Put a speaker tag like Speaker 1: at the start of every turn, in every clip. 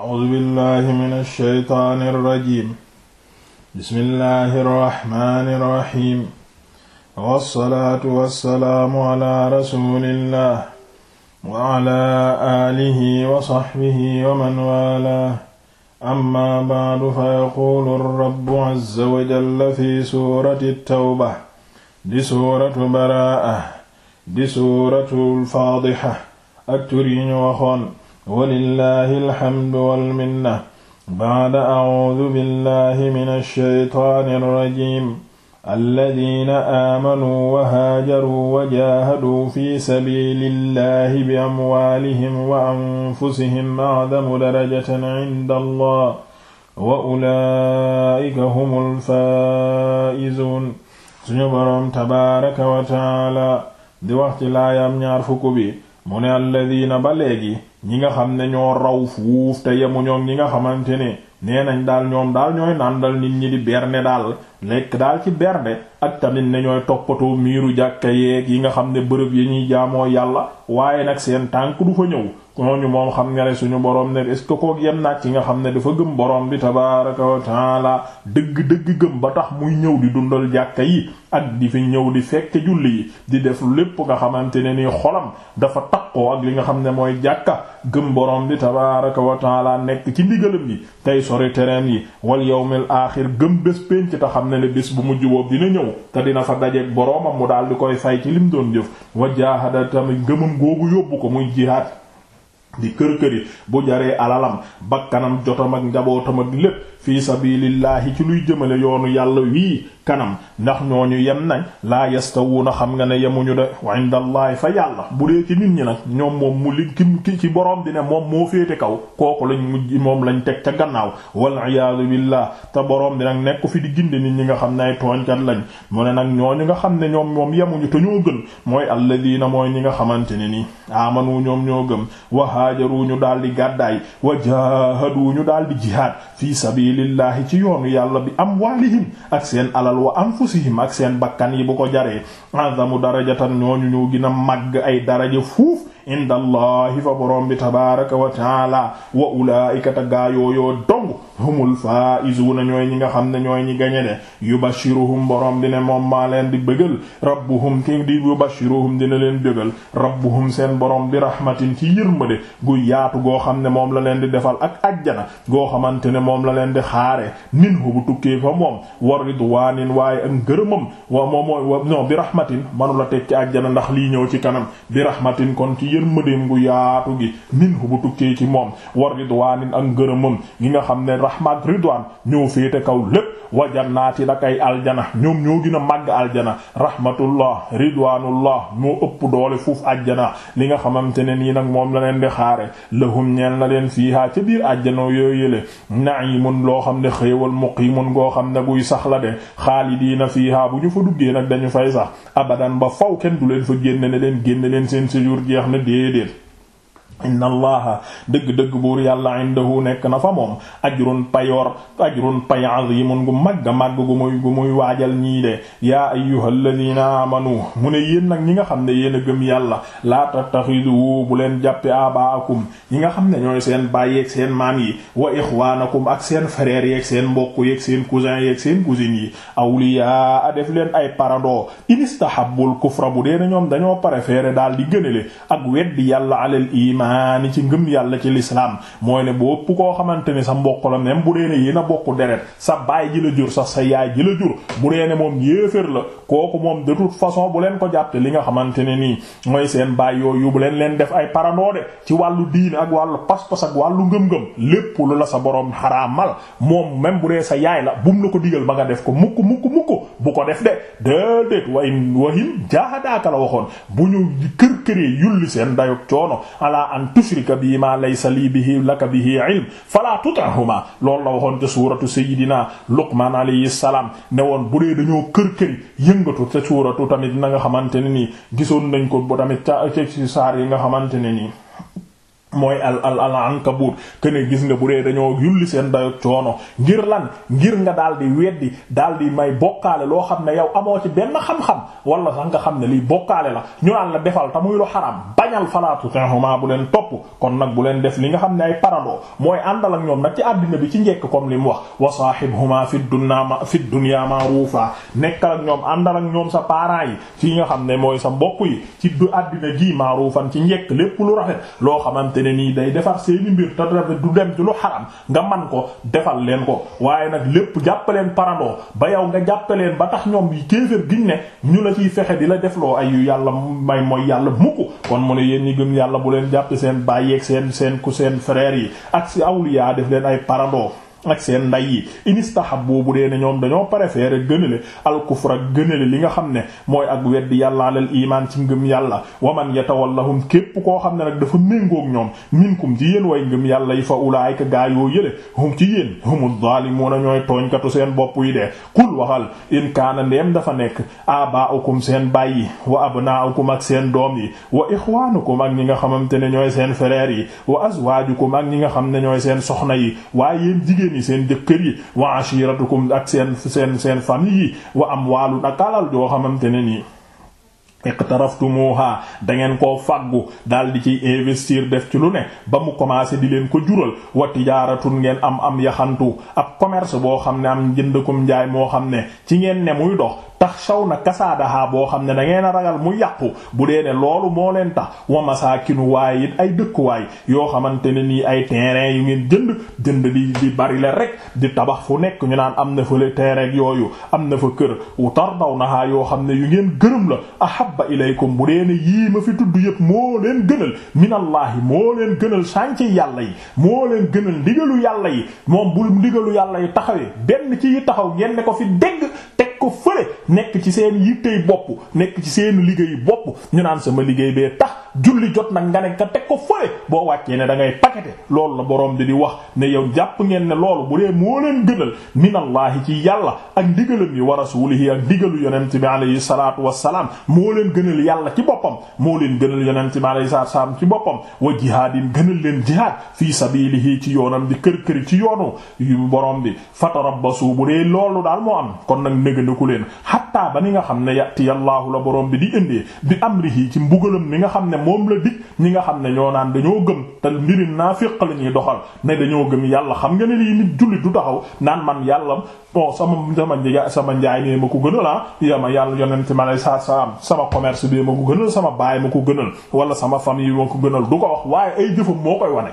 Speaker 1: a'uuzu billahi mina shaytaani rajiim bismillahi rahmaani rahiim wassalaatu wassalaamu ala rasuulillah wa ala aalihi wa saxbihi wa man waalaahu amma ba'du fa yaquulu rabbu azza wa jalla fi suurati tawba di suuratu baraa'a di suuratul faadixa ak tur yi ñu waxoon walillahi alhamdu walminna ba'da a'uudu billahi mina shaytaani rajiim alladiina aamanuu wa haajaruu wa jaahaduu fi sabiilillahi bi amwaalihim wa anfusihim a'zamu darajatan 'inda allah wa ulaa'ika humul faa'izuun suñu boroom tabaaraka wa ta'aala di wax ci laayaam ñaar fukk bi mu ne alladiina ba léegi ñi nga xam ne ñoo raw fuuf
Speaker 2: te ñoom ñi nga xamante ne nee nañ daal ñoom daal ñooy nàndal nit ñi di berne daal lekk daal ci bernde ak tamit ne ñooy toppatoo miiru jàkka yeeg yi nga xam ne bërëb yi ñuy jaamoo yàlla waaye nag seen tànk du fa ñëw ñooñu moom xam nga ne suñu borom ne est-ce que kook yem naag ci nga xam ne dafa gëm borom bi tabaraka wa taala dëgg-dëgg gëm ba tax muy ñëw di dundal jàkka yi ak di fi ñëw di fekk julli di def lépp nga xamante ne nii xolam dafa takkoo li nga xam ne mooy jàkka gëm borom bi tabaraka wa taala nekk ci ndigalam yi tey sori tereem yi wal yawmil axir gëm bés pénc ta xam ne ne bés bu mujj boobu dina ñëw te dina fa dajeeg boroomam mu dal di koy fay ci lim doon jëf wa jaahada tamit ngëmam googu yóbbu ko muy jihaad di kër-këri bu jaree alalam bakkanam jotam ak njabootam ak lépp fi sabilillahi ci luy jëmale yoonu yàlla wii kanam ndax ñoo ñooñu yem nañ laa yastawuuna xam nga ne yemuñu de wa inda allahi fa yàlla bu dee ci nit ñi nag ñoom moom mu li ki ci boroom di ne moom moo féete kaw kooku lañ mujj moom lañ teg ca gannaaw wal iyaadu billah te boroom bi nag nekku fi di gindi nit ñi nga xam ne ay tooñkat lañ mu ne nag ñooñu nga xam ne ñoom moom yemuñu te ñoo gën mooy alladina mooy ñi nga xamante ne nii amanu ñoom ñoo gëm wa haajaru daal di gàddaay sabilillahi ci yoonu yàlla bi amwaalihim ak seen alal wa anfusihim ak seen bakkan yi bu ko jaree azamu darajatan ñooñu ñoo gën a màgg ay daraja fuuf inda allahi fa borom bi tabaraka wa taala wa ulaika ta gaayooyoo boobu humul faizuna ñooy ñi nga xam ne ñooy ñi gañe de yubashiruhum borom bi ne moom maa leen di bëggal rabbuhum ki di yubashiruhum dina leen bëggal rabbuhum seen borom bi rahmatin ci yërmande gu yaatu goo xam ne moom la leen di defal ak ajjana goo xamante ne moom la leen di xaare minhu bu tukkee fa moom war ridwanin waaye ak ngërëmam wa moom mooy non bi rahmatin manula teg ci ajjana ndax lii ñëw ci kanam bi rahmatin kon ci yërmandeem gu yaatu gi minhu ci xam ne rahmat ridwan ñoo féete kaw lépp wa jannaati nak ay aljana ñoom ñoo gën a màgg aljana rahmatullah ridwanullah moo ëpp doole fuuf ajjana li nga xamante ne nii nag moom la leen di xaare lahum ñeel na leen fiihaa ca biir ajjana yoo yi mën loo xam ne xéewal mën goo xam ne guy sax la de xaalidiina fiihaa bu ñu fa duggee nag dañu fay sax abadan ba faw kenn du leen fa génn ne leen génn leen seen séjour jeex na déedéet inna allaha dëgg-dëgg buur yàlla indahu nekk na fa moom ajrun payoor ajrun pay azimun gu màgg màgg gu muy gu muy waajal ñii de yaa ayyuhalladhina amanu mu ne yéen nag ñi nga xam ne yéen a gëm yàlla laa tattaxidu bu leen jàppe abaakum ñi nga xam ne ñooy seen baay yeeg seen maam yi wa ixwaanakum ak seen frère ak seen mbokk yeeg seen cousin yeeg seen cousine yi awliyaa a def leen ay parando inistahabbul kufra bu dee na ñoom dañoo préféré daal di gënale ak weddi yàlla alal iman imaani ci ngëm yàlla ci lislaam mooy ne bopp koo xamante ni sa mbokk la même bu dee ne yéen a bokk deret sa baay ji la jur sax sa yaay ji la jur bu dee ne moom yéeféer la kooku moom de toute façon bu leen ko jàpp li nga xamante ne nii mooy seen baay yooyu bu leen leen def ay paranoode ci wàllu diine ak wàllu pas-pas ak wàllu ngëm-ngëm lépp lu la sa borom xaraamal moom même bu dee sa yaay la bum la ko digal ba nga def ko mukk mukk mukk bu ko def de déedéet wayin wahin jaahadaaka la waxoon bu ñu kër këree yulli seen dayok coono ala an tushrika bi ma laysa lii bi laka bihi ilm fala tutahuma loolu la waxoon te suuratu sayidina luqman alayhi salaam ne woon bu dee dañoo kër-këri yëngatu te suuratu tamit na nga xamante ne nii gisoon nañ ko ba tamit ca ci saar yi nga xamante ne nii mooy al al al ankabut kene gis nga bu dee dañoo yulli seen dayo coono ngir lan ngir nga daal di weddi daal di may bokkaale loo xam ne yow amoo ci benn xam-xam wala sax nga xam ne liy bokkaale la ñu naan la defal ta muy lu xaram bañal falaatu tenxuma bu leen topp kon nag bu leen def li nga xam ne ay parandoo mooy àndal ak ñoom nag ci àddina bi ci njekk comme li mu wax wa sahibhuma fi dunya ma fi dunya ma'rufa nekkal ak ñoom àndal ak ñoom sa parents yi ci nga xam ne mooy sa mbokk yi ci du àddina ci njekk lépp lu ne nii day defar seeni mbir te du dem ci lu xaram nga man ko defal leen ko waaye nag lépp jàppaleen parandoo ba yow nga jàppaleen ba tax ñoom yi kéefër giñ ne ñu la ciy fexe di la defloo ay yu yàlla may mooy yàlla mukk kon mu ne yéen ñi gëm yàlla bu leen jàppee seen bàyyeeg seen seen ku seen frère yi ak si awliya def leen ay parandoo ak seen nday yi inistahab boobu dee ne ñoom dañoo préféré gënale alkufra gënale li nga xam ne mooy ak weddi yàlla alal iman ci ngëm yàlla waman yatawallahum képp koo xam ne nag dafa méngoog ñoom minkum ci yéen way ngëm yàlla yi fa ulaayka gaa yoo yële hum ci yéen humu zaalimuuna ñooy tooñkatu seen bopp yi dee kul waxal in kaana ndeem dafa nekk abaa'ukum seen bàyyi wa abnaa'ukum ak seen doom yi wa ixwaanukum ak ñi nga xamante ne ñooy seen frères yi wa azwaajukum ak ñi nga xam ne ñooy seen soxna yi waaye yéen jigéen jigéen seen jëkkër yi wa ashiratukum ak seen seen seen famille yi wa am ak alal joo xamante ne nii iqtaraftumuha da ngeen ko fàggu daal di ci investir def ci lu ne ba mu commencé di leen ko jural wa tijaaratun ngeen am am yaxantu ab commerce boo xam ne am njëndakum njaay moo xam ne ci ngeen ne muy dox tax saw na kasaadaha boo xam ne da ngeen a ragal mu yàqu bu dee ne loolu moo leen tax wa masaakinu waaye it ay dëkkuwaay yoo xamante ne nii ay terrain yu ngeen jënd jënd di di bari la rek di tabax fu nekk ñu naan am na fa le terrain yooyu am na fa kër wu na nahaa yoo xam ne yu ngeen gërëm la ahabba ilaykum bu dee ne yii ma fi tudd yëpp moo leen gënal minallaahi moo leen gënal sànci yàlla yi moo leen gënal ndigalu yàlla yi moom bu ndigalu yàlla yi taxawee benn ci yi taxaw nekk ci seen yittey bopp nekk ci seenu liggéeyu bopp ñu naan sama liggéey bee tax julli jot nag nga ne nga teg ko fële boo wàccee ne da ngay pakete loolu la borom bi di wax ne yow jàpp ngeen ne loolu bu dee moo leen gënal minallaahi ci yàlla ak ndigalam yi wa rasulihi ak ndigalu yonent bi alayhi salaatu wassalaam moo leen gënal yàlla ci boppam moo leen gënal yonent bi alayhi salaatu wassalaam ci boppam wa jihaadin gënal leen jihaad fii sabiilihi ci yoonam di kër ci yoonu yu bi fatarabbasu bu dee loolu daal moo am kon nag négandiku leen xattaa ba ni nga xam ne yatiyallaahu la borom bi di indee bi amrihi ci mbugalam mi nga xam ne moom la dig ñi nga xam ne ñoo naan dañoo gëm te mbiri naafiq la ñuy doxal ne dañoo gëm yàlla xam nga ne lii nit julli du taxaw naan man yàlla oo sama sama njëga sama njaay nee ma ko gënal ah yama yàlla yonent ma lay sa salaam sama commerce bi ma ko gënal sama baay ma ko gënal wala sama famille ma ko gënal du ko wax waaye ay jëfam moo koy wane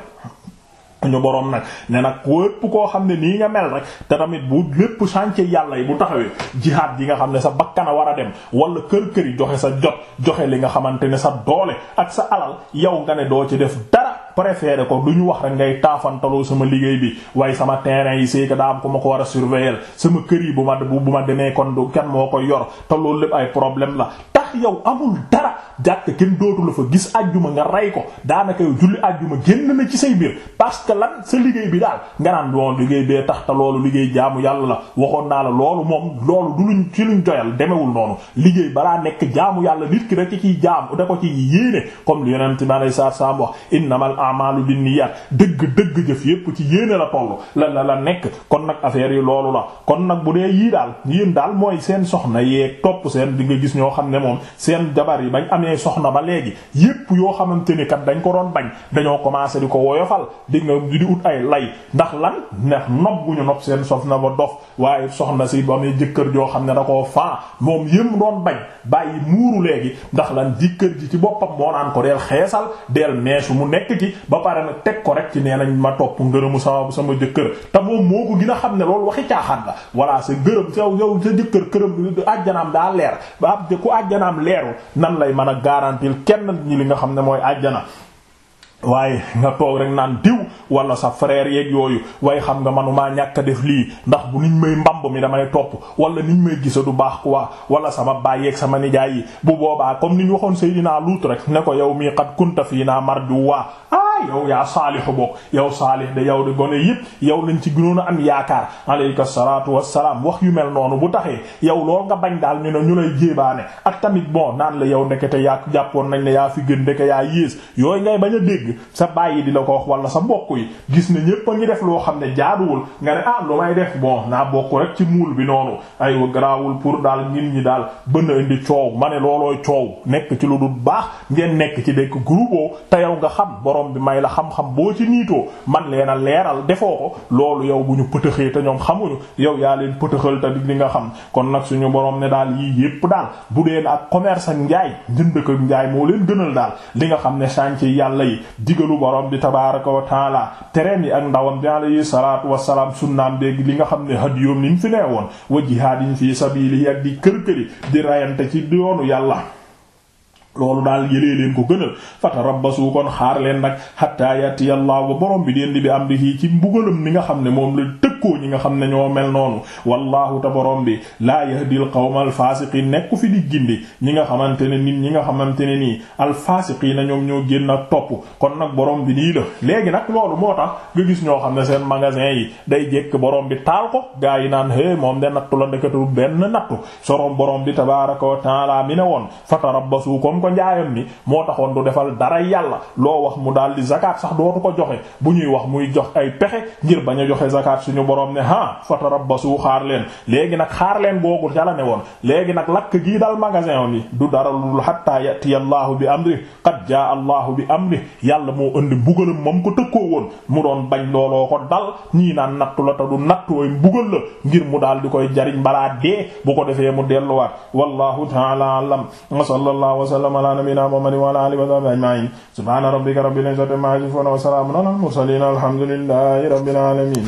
Speaker 2: ñu boroom nag ne nag képp koo xam ne nii nga mel rek te tamit bu lépp chantier yàlla yi bu taxawee jihaad yi nga xam ne sa bakkan a war a dem wala kër kër joxe sa jot joxe li nga xamante ne sa doole ak sa alal yow nga ne doo ci def dara préféré ko du ñu wax rek ngay taafantaloo sama liggéey bi waaye sama terrain yi c'est que daa am ko ma ko war a surveiller sama kër yi bu ma bu ma demee kon du kenn moo ko yor te loolu lépp ay problème la ndax yow amul dara jàkk kenn dootu la fa gis ajjuma nga rey ko daanaka yow julli ajjuma génn na ci say biir parce que lan sa liggéey bi daal nga naan bon liggéey bee tax te loolu liggéey jaamu yàlla la waxoon naa la loolu moom loolu du luñ ci luñ doyal demewul noonu liggéey balaa nekk jaamu yàlla nit ki rek ci jaamu da ko ci yéene comme li yonent ma lay sa saam wax innamal a'malu binniyat dëgg dëgg jëf yépp ci yéene la tollu la la la nekk kon nag affaire yi loolu la kon nag bu dee yii daal yéen daal mooy seen soxna yeeg topp seen di nga gis ñoo xam ne moom seen jabar yi bañ amee soxna ba léegi yépp yoo xamante ni kat dañ ko doon bañ dañoo commencé di ko woyofal di nga di ut ay lay ndax lan ndax nob gu ñu nob seen soxna ba dof waaye soxna si ba amee jëkkër joo xam ne da koo faa moom yëpp doon bañ bàyyi muuru léegi ndax lan jëkkër ji ci boppam moo naan ko deel xeesal deel meesu mu nekk ci ba pare nag teg ko rek ci nee nañ ma topp ngërëmu sama sama jëkkër moom moo ko gën xam ne loolu waxi caaxaan la voilà sa gërëm sa yow sa jëkkër këram ajjanaam daa leer ba ku ajjanaam leeru nan lay mën a garantir kenn ñi li nga xam ne mooy ajjana waaye nga toog rek naan diw wala sa frère yeeg yooyu waaye xam nga manumaa ñàkk a def lii ndax bu niñ may mbamb mi damay topp wala niñ may gisa du baax quoi wala sama baay yeeg sama nijaay yi bu boobaa comme ñu waxoon Seydina Luut rek ne ko yow mii qad kunta fii naa marjuwa yow yaa saalihu bokk yow saalih de yow de gone yëpp yow lañ ci gënoon a am yaakaar alayka salaatu wassalaam wax yu mel noonu bu taxee yow lool nga bañ daal ñu ne ñu lay jéebaane ak tamit bon naan la yow ndekete yaa jàppoon nañ ne yaa fi gën ndeke yaa yées yooyu ngay bañ a dégg sa bàyyi di la ko wax wala sa mbokk yi gis ne ñépp a ngi def loo xam ne jaaduwul nga ne ah lu may def bon naa bokk rek ci muul bi noonu ay garaawul pour daal ngin ñi daal bënn indi coow ma ne loolooy coow nekk ci lu dul baax ngeen nekk ci dekk groupe te yow nga xam borom bi may la xam-xam boo ci niitoo man leen a leeral defoo ko loolu yow bu ñu pëtëxee te ñoom xamuñu yow yaa leen pëtëxal te di nga xam kon nag suñu borom ne daal yii yépp daal bu deen ak commerce ak njaay njënd ko njaay moo leen gënal daal li nga xam ne chantier yàlla yi digalu borom bi tabaraka wa taala tereem yi ak ndawam bi alayhi salatu wasalaam sunnaam dégg li nga xam ne had yoom ni mu fi nee woon wa jihaadin fi sabilihi ak di kër këri di rayante ci yàlla loolu daal yëlee leen ko gënal fatarabbasu kon xaar leen nag hatta yati yàllaa ba bi deen di bi am di ci mbugalam ni nga xam ne moom la njëkkoo ñi nga xam ne ñoo mel noonu wallahu ta borom bi laa yahdil qawmal faasiqiin nekku fi di gindi ñi nga xamante ne nit ñi nga xamante ne nii alfaasiqiina ñoom ñoo génn a topp kon nag borom bi lii la léegi nag loolu moo tax nga gis ñoo xam ne seen magasin yi day jekk borom bi taal ko gaa yi naan hé moom de nattu la ndekatu benn nattu sorom borom bi tabaaraka wa taala mi ne woon fatarabbasu comme ko njaayam ni moo taxoon du defal dara yàlla loo wax mu daal di zakat sax dootu ko joxe bu ñuy wax muy jox ay pexe ngir bañ a joxe borom ne ha fatarabbasu xaar leen léegi nag xaar leen googu ca la woon léegi nag lakk gii dal magasin bi du dara lu hatta yati allahu bi amri qad jaa allahu bi amri yàlla moo andi mbugalam moom ko tëkkoo woon mu doon bañ looloo ko dal ñii naan nattu la te du nattu way mbugal la ngir mu daal di koy jariñ balaa dee bu ko defee mu delluwaat wallahu ta'ala wa sallallahu wa sallama ala nabiyyina muhammadin wa ala alihi ala al mursalin alhamdulillahi rabbil alamin